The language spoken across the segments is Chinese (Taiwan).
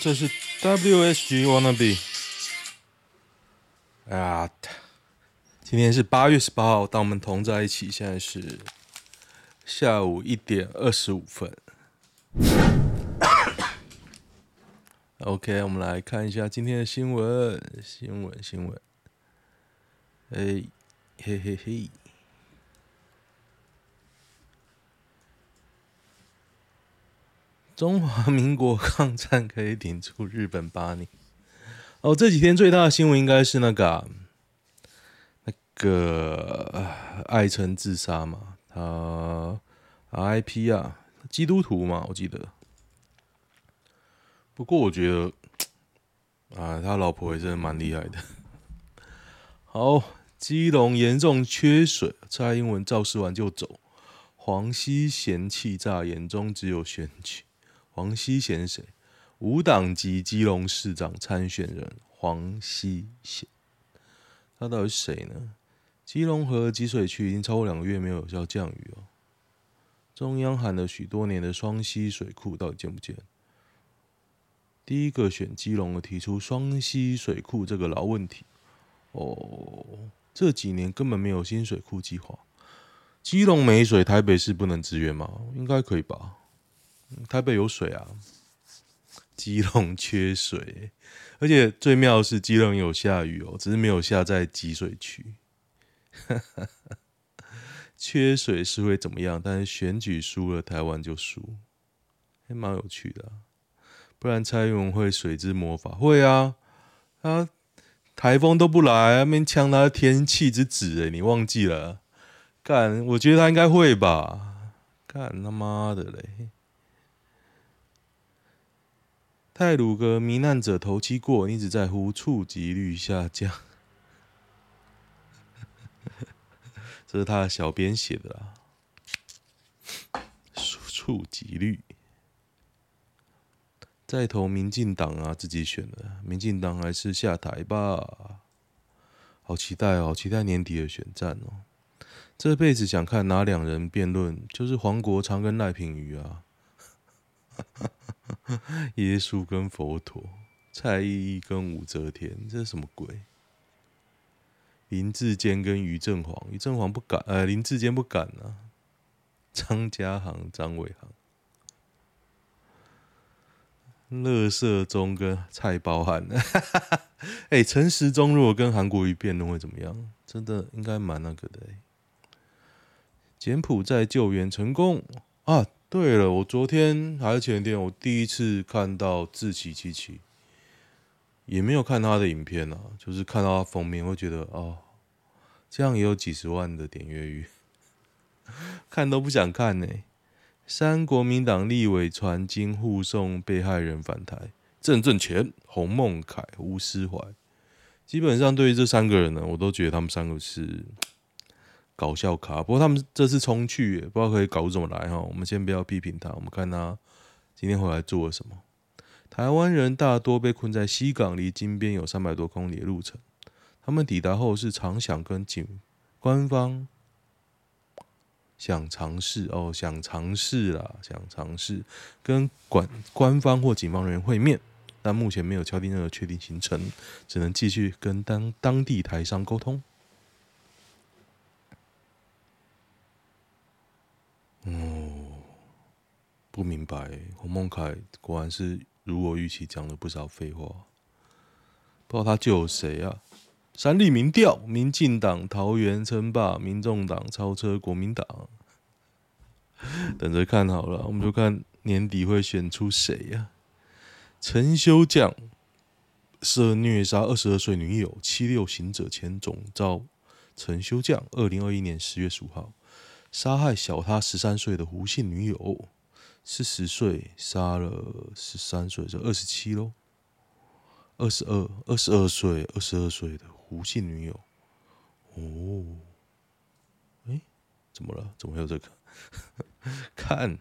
這是 W S G Wanna Be。哎、啊、呀，今天是八月十八號，當我們同在一起，現在是下午一點二十五分。 OK，我們來看一下今天的新聞，新聞，新聞。誒、欸，嘿嘿嘿。中華民國抗戰可以頂住日本八年。哦，這幾天最大的新聞應該是那個、啊、那個艾成自殺嘛，他、呃、RIP 啊，基督徒嘛，我記得。不過我覺得，啊、呃，他老婆也真的蠻厲害的。好，基隆嚴重缺水，蔡英文造勢完就走，黃希賢氣炸，眼中只有選舉。黃西賢是誰？無黨籍基隆市長參選人黃西賢，他到底是誰呢？基隆河集水區已經超過兩個月沒有有效降雨哦。中央喊了許多年的雙溪水庫到底建不建？第一個選基隆的提出雙溪水庫這個老問題哦，這幾年根本沒有新水庫計劃。基隆沒水，台北市不能支援嗎？應該可以吧。台北有水啊，基隆缺水，欸，而且最妙的是基隆有下雨哦，只是沒有下在集水區。 缺水是會怎麼樣？但是選舉輸了，台灣就輸，還、欸、蠻有趣的、啊。不然蔡英文會水之魔法會啊？啊，颱風都不來，那邊搶他天氣之子誒、欸，你忘記了？幹，我覺得他應該會吧？幹他媽的嘞！蔡魯哥，罹難者頭七過，你只在乎觸及率下降。 這是他的小編寫的啦。觸及率，再投民進黨啊，自己選的。民進黨還是下台吧。好期待哦，好期待年底的選戰哦。這輩子想看哪兩人辯論，就是黃國昌跟賴品妤啊。 耶穌跟佛陀，蔡依依跟武則天，這是什麼鬼？林志堅跟余正煌，余正煌不敢，呃，林志堅不敢啊航。張家航、張偉航，樂色中跟蔡包漢、 欸，哎，陳時中如果跟韓國瑜辯論會怎麼樣？真的應該蠻那個的、欸。柬埔寨救援成功啊！對了，我昨天還是前一天，我第一次看到志祺七七，也沒有看他的影片呢、啊，就是看到他封面，會覺得哦，這樣也有幾十萬的點閱率， 看都不想看呢。三國民黨立委傳經護送被害人返台，鄭正鈐、洪孟楷、吳斯懷，基本上對於這三個人呢，我都覺得他們三個是。搞笑卡，不過他們這次衝去，不知道可以搞怎麼來哈。我們先不要批評他，我們看他今天回來做了什麼。台灣人大多被困在西港，離金邊有三百多公里的路程。他們抵達後是常想跟警官方想嘗試哦，想嘗試啦，想嘗試跟管官方或警方人員會面，但目前沒有敲定任何確定行程，只能繼續跟當當地台商溝通。哦，不明白，洪孟凱果然是如我預期，講了不少廢話。不知道他救誰啊？三立民調，民進黨桃園稱霸，民眾黨超車國民黨。等着看好了，我們就看年底會選出誰呀，啊？陳修將涉虐殺二十二歲女友，七六行者前總召陳修將，二零二一年十月十五號。殺害小他十三歲的胡姓女友，四十歲殺了十三歲，就二十七嘍，二十二二十二歲二十二歲的胡姓女友，哦，哎、欸，怎麼了？怎麼會有這個？ 看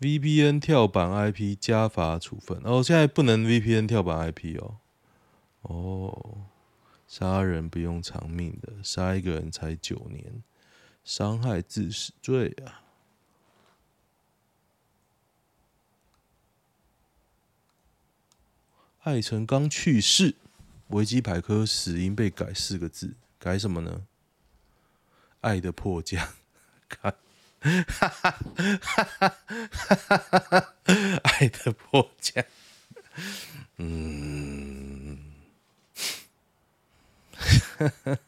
，VPN 跳板 IP 加法處分，哦，現在不能 VPN 跳板 IP 哦，哦，殺人不用償命的，殺一個人才九年。傷害致死罪啊！艾成剛去世，維基百科死因被改四個字，改什麼呢？愛的迫降，哈哈哈哈哈！愛的迫降， 嗯，哈哈。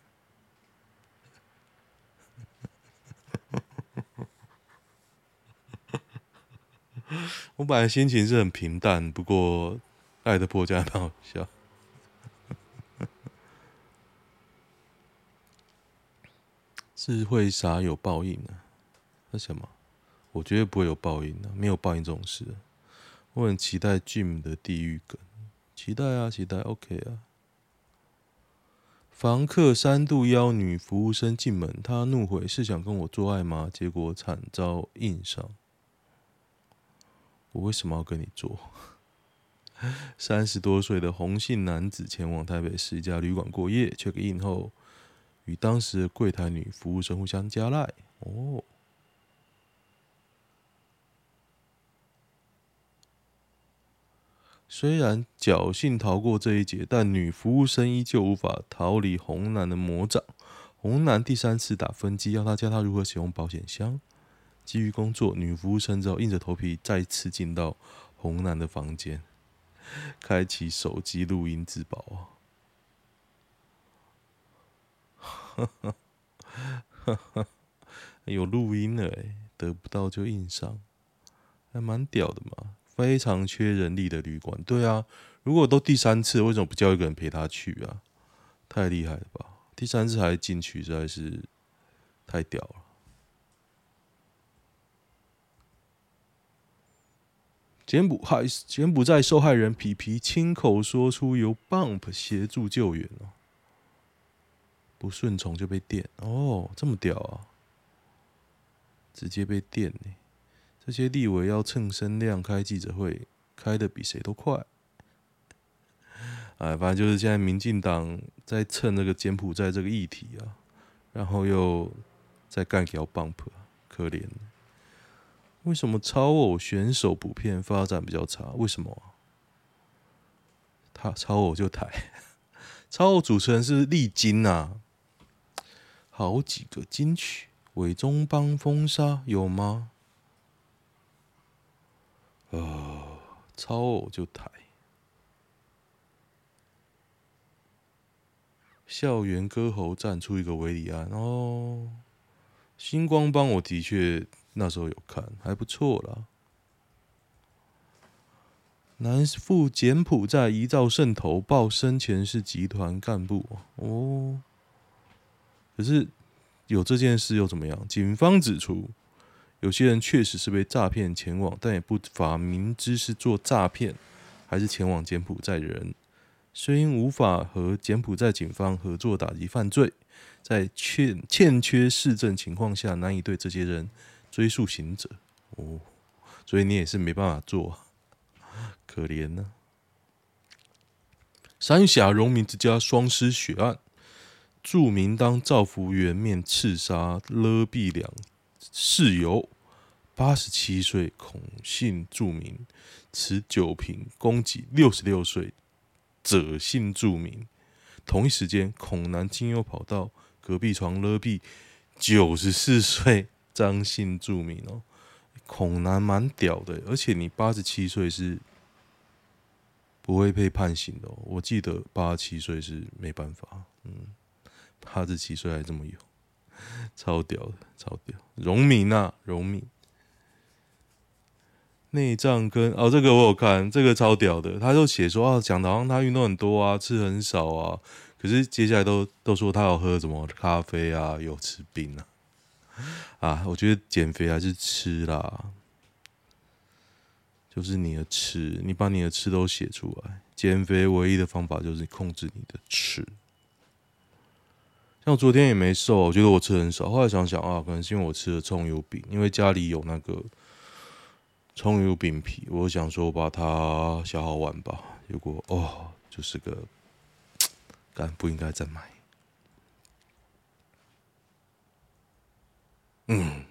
我本來心情是很平淡，不過愛的破家蠻好笑。是會啥有報應呢、啊？是什麼？我絕對不會有報應的、啊，沒有報應這種事。我很期待 Jim 的地獄梗，期待啊，期待。OK 啊，房客三度邀女服務生進門，他怒回：是想跟我做愛嗎？結果慘遭硬上。我為什麼要跟你做？三十多歲的洪姓男子前往台北市一家旅館過夜，check in 後與當時的櫃台女服務生互相加賴。哦、oh，雖然僥幸逃過這一劫，但女服務生依舊無法逃離洪男的魔掌。洪男第三次打分機，要他教他如何使用保險箱。基於工作，女服務生只好硬着頭皮再次進到洪男的房間，開啟手機錄音自保啊！ 有錄音了誒，得不到就硬上，還蠻屌的嘛！非常缺人力的旅館，對啊，如果都第三次，為什麼不叫一個人陪他去啊？太厲害了吧！第三次還進去，實在是太屌了。柬埔寨，柬埔寨在受害人皮皮親口說出由 Bump 協助救援哦、喔，不順從就被電哦、喔，這麼屌啊！直接被電呢、欸！這些立委要蹭聲量開記者會，開得比誰都快。哎，反正就是現在民進黨在蹭那個柬埔寨這個議題啊，然後又在幹掉 Bump，可憐。為什麼超偶選手普遍發展比較差？為什麼？他超偶就抬。 超偶主持人是立金吶、啊，好幾個金曲，偉中幫封殺有嗎？啊、哦，超偶就抬。校園歌喉站出一個維里安哦，星光幫我的確。那時候有看，還不錯啦。男赴柬埔寨一兆聖投報生前是集團幹部哦，可是有這件事又怎麼樣？警方指出，有些人確實是被詐騙前往，但也不乏明知是做詐騙還是前往柬埔寨的人，雖因無法和柬埔寨警方合作打擊犯罪，在欠欠缺事證情況下，難以對這些人。追溯刑責哦，所以你也是沒辦法做，啊，可憐呢、啊。三峽榮民之家雙屍血案，住民當照服員，面刺殺勒斃兩室友八十七歲孔姓住民持酒瓶攻擊六十六歲者姓住民。同一時間，孔男竟又跑到隔壁床勒斃九十四歲。張姓著名哦，恐男蠻屌的，欸，而且你八十七歲是不會被判刑的，喔。我記得八十七歲是沒辦法，嗯，八十七歲還這麼有，超屌的，超屌。榮民啊，榮民內臟跟哦，這個我有看，這個超屌的。他就寫說啊，講的好像他運動很多啊，吃很少啊，可是接下來都都說他有喝什麼咖啡啊，有吃冰啊。啊，我覺得減肥還是吃啦，就是你的吃，你把你的吃都寫出來。減肥唯一的方法就是控制你的吃。像我昨天也沒瘦，我覺得我吃得很少。後來想想啊，可能是因為我吃了蔥油餅，因為家裡有那個蔥油餅皮，我想說把它消耗完吧。結果哦，就是個，幹，不應該再買。嗯，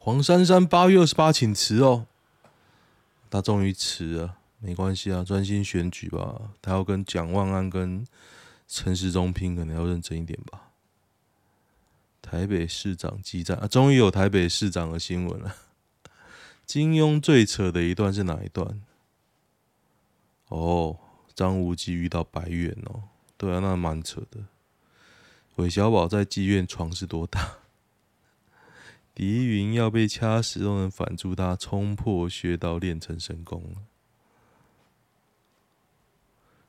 黃珊珊八月二十八請辭哦，他終於辭了，沒關係啊，專心選舉吧。他要跟蔣萬安、跟陳時中拼，可能要認真一點吧。台北市長激戰啊，終於有台北市長的新聞了。金庸最扯的一段是哪一段？哦，張無忌遇到白猿哦，對啊，那蠻扯的。韋小寶在妓院床是多大？狄雲要被掐死都能反助他，衝破穴道練成神功了。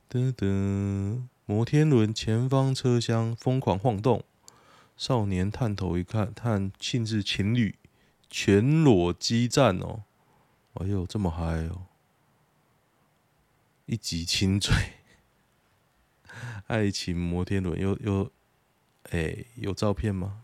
噔噔，摩天輪前方車廂瘋狂晃動，少年探頭一看，嘆：竟是情侶全裸激戰哦！哎呦，這麼嗨哦！一起親嘴，愛情摩天輪又又哎，有照片嗎？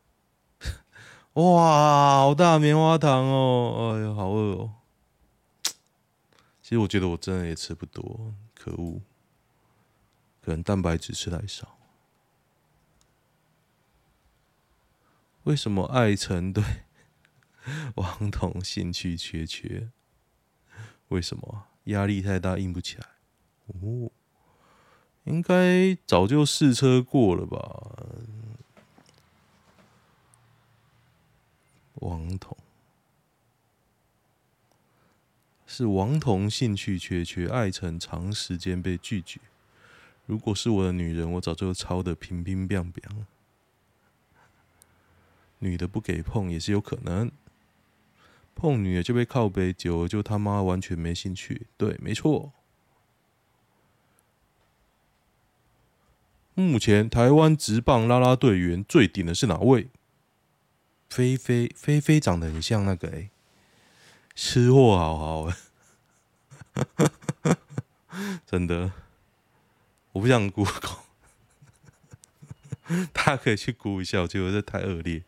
哇，好大棉花糖哦！哎呀，好餓哦。其實我覺得我真的也吃不多，可惡。可能蛋白質吃太少。為什麼艾成對王瞳興趣缺缺？為什麼壓力太大，硬不起來？哦，應該早就試車過了吧。王彤是王彤，興趣缺缺，愛曾長時間被拒絕。如果是我的女人，我早就抄的平平扁扁了。女的不給碰也是有可能，碰女的就被靠北久了，就他媽完全沒興趣。對，沒錯。目前台灣職棒啦啦隊員最頂的是哪位？菲菲，菲菲長得很像那個哎、欸，吃貨好好哎、欸，真的，我不想估狗，大家可以去估一下，我覺得這太惡劣。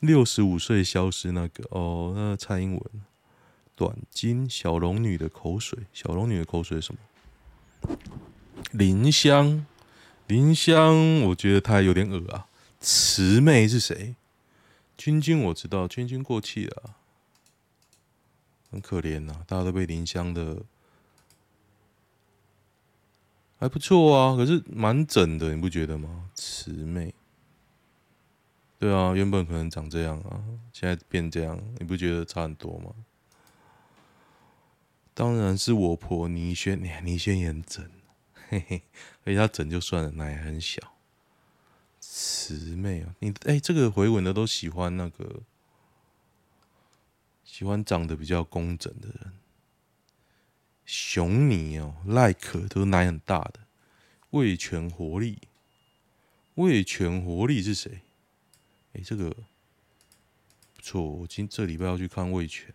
六十五歲消失那個哦，那個蔡英文，短金小龍女的口水，小龍女的口水什麼？林香，林香，我覺得她有點惡啊。慈妹是誰？君君，清清我知道，君君過氣了、啊，很可憐吶、啊。大家都被林香的還不錯啊，可是蠻整的，你不覺得嗎？慈妹，對啊，原本可能長這樣啊，現在變這樣，你不覺得差很多嗎？當然是我婆倪軒，倪軒也很整、啊，嘿嘿，而且她整就算了，奶很小。詞妹啊，你哎，這個回文的都喜歡那個，喜歡長得比較工整的人。熊你哦，Like 都是奶很大的。味全活力，味全活力是誰？哎，這個不錯，我今天這禮拜要去看味全。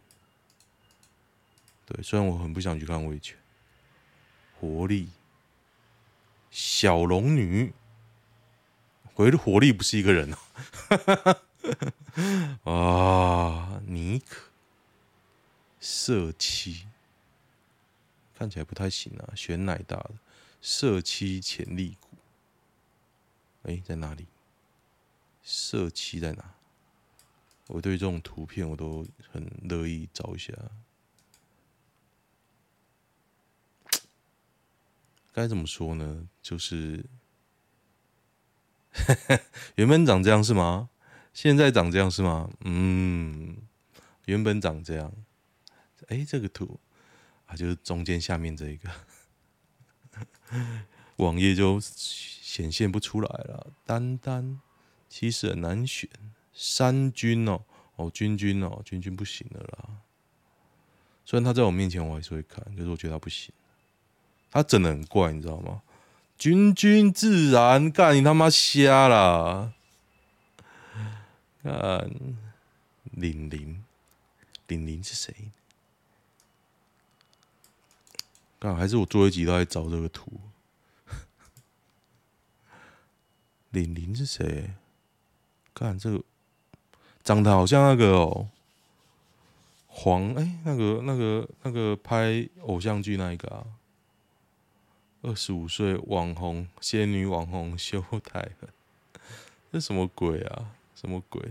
對，雖然我很不想去看味全。活力小龍女。鬼的火力不是一個人哦， 哦！啊，尼克色期看起來不太行啊，選奶大的色期潛力股？哎、欸，在哪裡？色期在哪？我對這種圖片我都很樂意找一下。該怎麼說呢？就是。 原本長這樣是嗎？現在長這樣是嗎？嗯，原本長這樣、欸。哎，這個圖啊，就是中間下面這一個網頁就顯現不出來了。單單其實很難選三軍哦，哦、喔喔，軍軍哦，軍軍不行的啦。雖然他在我面前，我還是會看，就是我覺得他不行，他整的很怪，你知道嗎？君君自然，幹你他媽瞎了！看，林林，林，林林是誰？剛好還是我做一集都在找這個圖。林林是誰？看這個長得好像那個哦，黃哎、欸，那個那個那個拍偶像劇那一個啊。二十五歲網紅仙女網紅秀台了， 這什麼鬼啊？什麼鬼？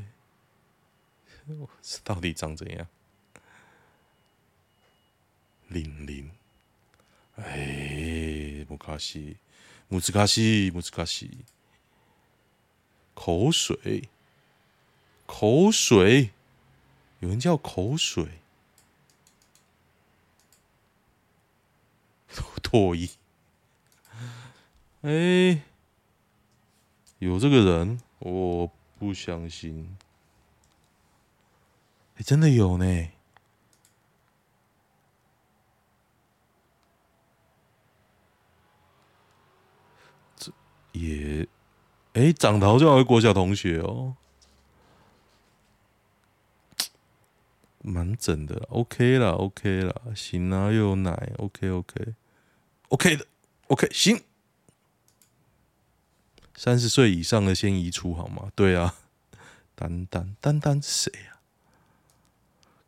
這 到底長怎樣？零零，哎，木卡西，木茲卡西，木茲卡西，口水，口水，有人叫口水，唾液。 哎、欸，有這個人，我不相信、欸。哎，真的有呢。這也、欸，哎，長得好像我的國小同學哦，蠻整的啦。OK 啦，OK 啦，行啊，又有奶，OK，OK，OK OK, OK, OK 的，OK，行。三十歲以上的先移出好嗎？對啊，丹丹丹丹是誰啊？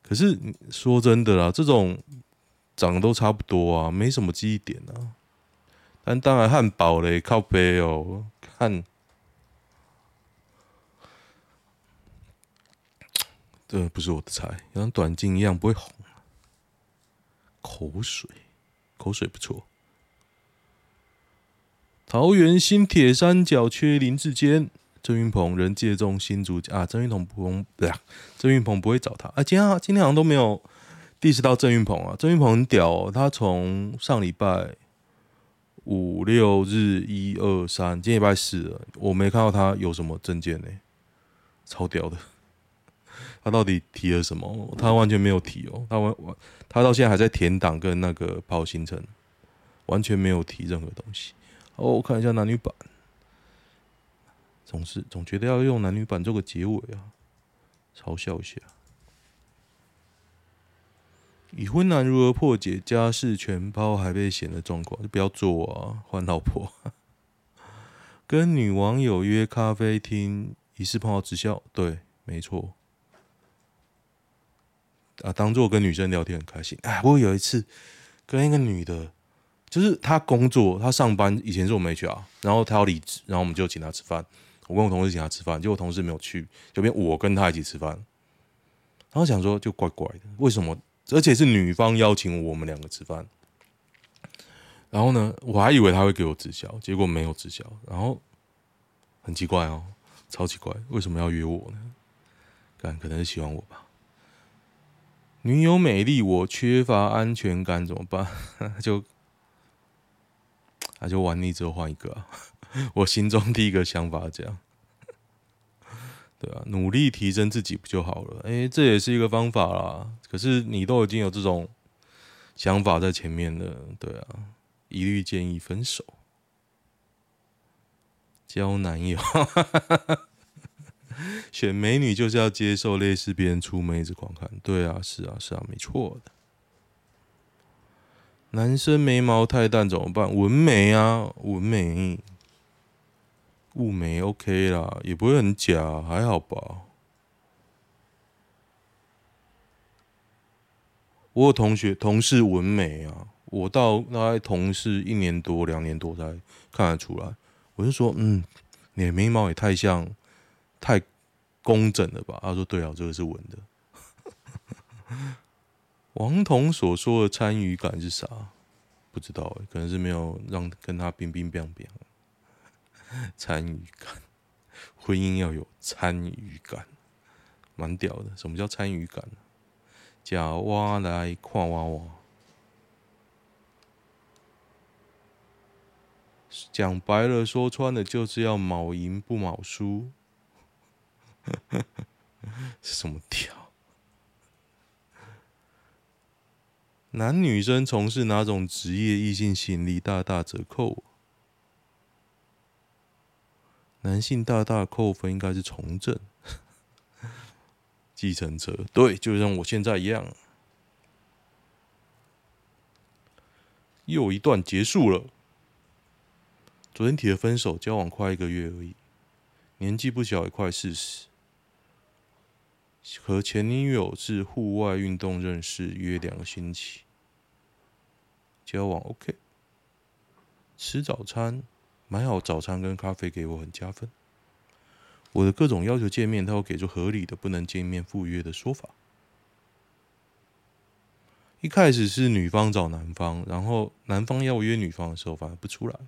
可是說真的啦，這種長得都差不多啊，沒什麼記憶點啊。但當然，漢堡嘞，靠北哦，看，這不是我的菜，像短鏡一樣不會紅啊。口水，口水不錯。桃園新鐵三角缺林志堅、鄭運鵬，人界中心主角啊，鄭運鵬不用，對鄭運鵬不會找他啊。今天、今天好像都沒有第十到鄭運鵬啊。鄭運鵬很屌、哦，他從上禮拜五六日一二三，1, 2, 3, 今天禮拜四了，我沒看到他有什麼政見呢，超屌的。他到底提了什麼？他完全沒有提哦。他完完，他到現在還在填檔跟那個跑行程，完全沒有提任何東西。哦，我看一下男女版，總是總覺得要用男女版做個結尾啊，嘲笑一下。已婚男如何破解家事全包還被嫌的狀況？就不要做啊，換老婆。跟女網友約咖啡廳，疑似泡直銷，對，沒錯。啊，當做跟女生聊天很開心啊。不過有一次跟一個女的。就是他工作，他上班以前是我們 HR，然後他要離職，然後我們就請他吃飯。我跟我同事請他吃飯，結果同事沒有去，就變我跟他一起吃飯。然後想說就怪怪的，為什麼？而且是女方邀請我們兩個吃飯。然後呢，我還以為他會給我直銷，結果沒有直銷。然後很奇怪哦，超奇怪，為什麼要約我呢？看可能是喜歡我吧。女友美麗，我缺乏安全感，怎麼辦？ 就。那就玩膩之後換一個啊，我心中第一個想法這樣，對啊，努力提升自己不就好了？哎，這也是一個方法啦。可是你都已經有這種想法在前面了，對啊，一律建議分手，交男友，選美女就是要接受類似別人出妹子觀看，對啊，是啊，是啊，沒錯的。男生眉毛太淡怎麼辦？紋眉啊，紋眉，霧眉 OK 啦，也不會很假，還好吧。我有同學同事紋眉啊，我到大概同事一年多兩年多才看得出來，我就說，嗯，你的眉毛也太像，太工整了吧？他說，對啊，這個是紋的。 王瞳所說的參與感是啥？不知道哎，可能是沒有讓跟他冰冰冰冰參與感。婚姻要有參與感，蠻屌的。什麼叫參與感呢？叫挖來跨挖挖。講白了，說穿了，就是要卯贏不卯輸。呵呵是什麼屌？男女生從事哪種職業，異性吸引力大大折扣？男性大大扣分應該是從政、計程車，對，就像我現在一樣。又一段結束了。昨天提的分手，交往快一個月而已，年紀不小，也快四十。和前女友是戶外運動認識，約兩個星期，交往 OK。吃早餐，買好早餐跟咖啡給我很加分。我的各種要求見面，他都給出合理的不能見面赴約的說法。一開始是女方找男方，然後男方要約女方的時候，反而不出來。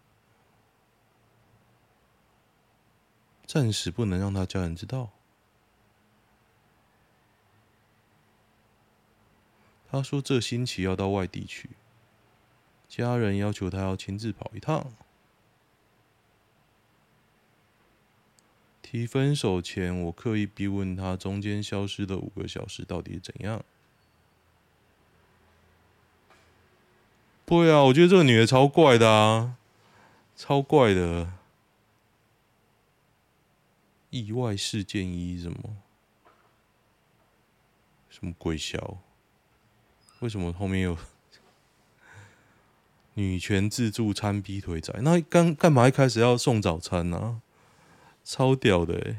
暫時不能讓他家人知道。他說：“這星期要到外地去，家人要求他要親自跑一趟。提分手前，我刻意逼問他，中間消失的五個小時到底是怎樣？對啊，我覺得這個女的超怪的啊，超怪的！意外事件一什麼？什麼鬼消？”為什麼後面有女權自助餐劈腿仔？那幹幹嘛一開始要送早餐呢，啊？超屌的！誒，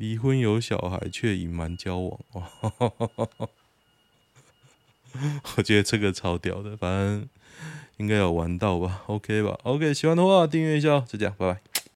離婚有小孩卻隱瞞交往，哦，我覺得這個超屌的，反正應該有玩到吧？OK 吧？OK，喜歡的話訂閱一下，哦，再見，拜拜。